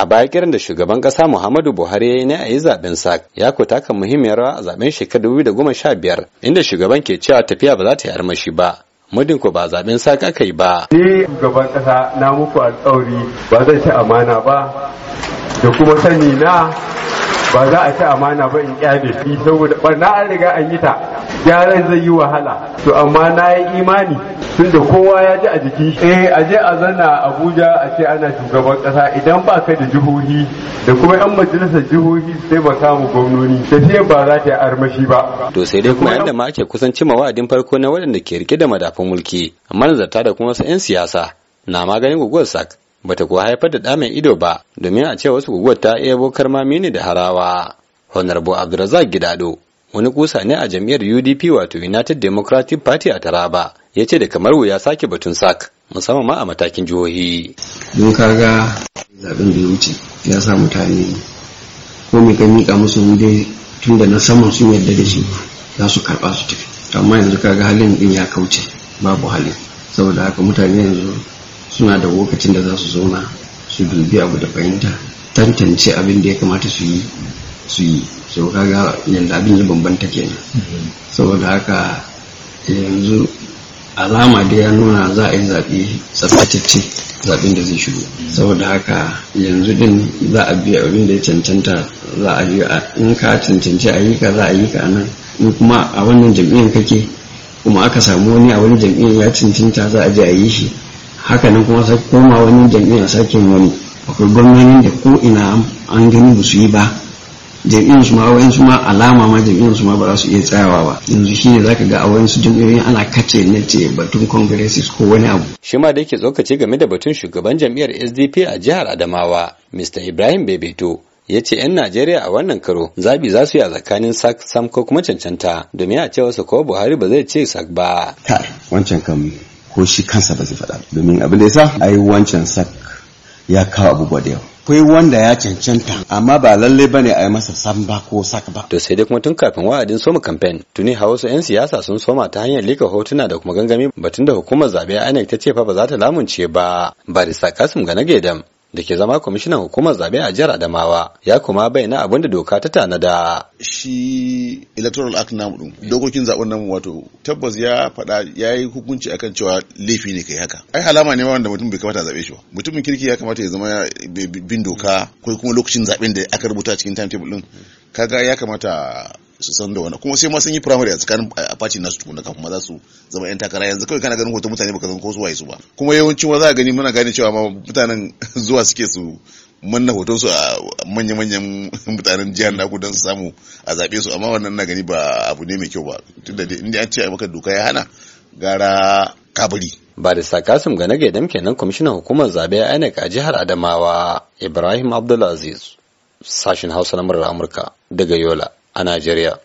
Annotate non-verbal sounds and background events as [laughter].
a baya kiran da shugaban kasa muhammadu buhari ya yi ne a yi zaben sa ya ko taka muhimmiyar rawa a zaben shekarar biyar, inda shugaban ke cewa tafiya ba za ta yi armashi ba muddin ko ba zaben sa aka yi ba ni shugaban kasa na muku alƙawari ba zan ci amana ba da kuma sani na ba za a ci amana ba in kyale shi saboda barna an riga an yi ta gyaran zai yi wahala to amma na yi imani Tun da kowa ya ji a jiki eh a je a zanna Abuja a ce ana shugaban kasa idan ba ka da jihohi da kuma yan majalisar jihohi sai ba samu gwamnoni tafiyar ba za ta yi armashi ba to sai dai kuma yadda ma ake kusan cima wa'adin farko na waɗanda ke rike da madafin mulki amma nazarta da kuma wasu 'yan siyasa na maganin guguwar sak bata kuwa haifar da ɗa mai ido ba domin a ce wasu guguwar ta iya bo karmami ne da harawa honorable abdulrazak gidado wani kusa ne a jam'iyyar udp wato united democratic party a taraba ya ce da kamar wuya sake batun sak musamman ma a matakin jihohi mun kaga zaɓen da ya wuce ya sa mutane ko mai ka miƙa musu ni dai tun da na saman sun yarda da shi za su karɓa su tafi amma yanzu kaga halin ɗin ya kauce babu halin saboda haka mutane yanzu suna da lokacin da za su zauna su dubi abu da fahimta tantance abin da ya kamata su yi su yi so kaga yanzu abin ya bambanta kenan saboda haka yanzu alama da ya nuna za a yi zaɓe tsaftatacce zaɓen da zai shigo saboda haka yanzu din za a biya abin da ya cancanta za a biya in ka cancanci a yi ka za a yi ka nan in kuma a wannan jam'iyyar kake kuma aka samu wani a wani jam'iyyar ya cancanta za a je a yi shi haka nan kuma sai koma wani jami'a sake wani akwai gwamnoni da ko ina an gani ba su yi ba jami'in su ma wayan su ma alama ma jami'in su ma ba za su iya tsayawa ba yanzu shi ne zaka ga a wayan su jami'oyin ana kace na ce batun congress ko wani abu shi ma da yake tsokace game da batun shugaban jami'ar SDP a jihar Adamawa Mr Ibrahim Bebeto ya ce 'yan Najeriya a wannan karo zabi za su yi a tsakanin sak sam ko kuma cancanta domin a cewa su ko Buhari ba zai ce sak ba wancan kan ko shi kansa ba zai faɗa domin abin da yasa ai wancan sak ya kawo abubuwa da yawa akwai wanda ya cancanta amma ba lalle ba ne a yi masa samba ko sak ba. To sai dai kuma tun kafin wa'adin soma kamfen tuni hawa su 'yan siyasa sun soma ta hanyar lika hotuna da kuma gangami batun da hukumar zaɓe INEC ta ce fa ba za ta lamunce ba. Barista Kasim na gedan. da ke zama kwamishinan hukumar zabe a jihar Adamawa ya kuma bayyana abin da doka ta tanada. Shi electoral act namu din dokokin zaben namu wato tabbas ya faɗa ya yi hukunci akan cewa laifi ne kai haka. Ai alama ne wanda mutum bai kamata zabe shi ba. Mutumin kirki ya kamata ya zama bin doka ko kuma lokacin zaben da aka rubuta cikin timetable din. Kaga ya kamata su san da wani kuma sai ma sun yi primary a tsakanin a faci nasu tukuna kafin ma za su zama yan takara yanzu kawai kana ganin hoton mutane baka san ko su waye su ba kuma yawanci ma za a gani muna gane cewa mutanen [laughs] zuwa suke su manna hoton su a manya-manyan [laughs] mutanen jihar naku don su samu a zaɓe su amma wannan na gani ba abu ne mai kyau ba da inda an ce a maka doka ya hana gara kabiri. ba da sakasim ga nage dam kenan kwamishinan hukumar zabe a inec a jihar adamawa ibrahim abdulaziz sashin hausa na murar amurka daga yola a Najeriya.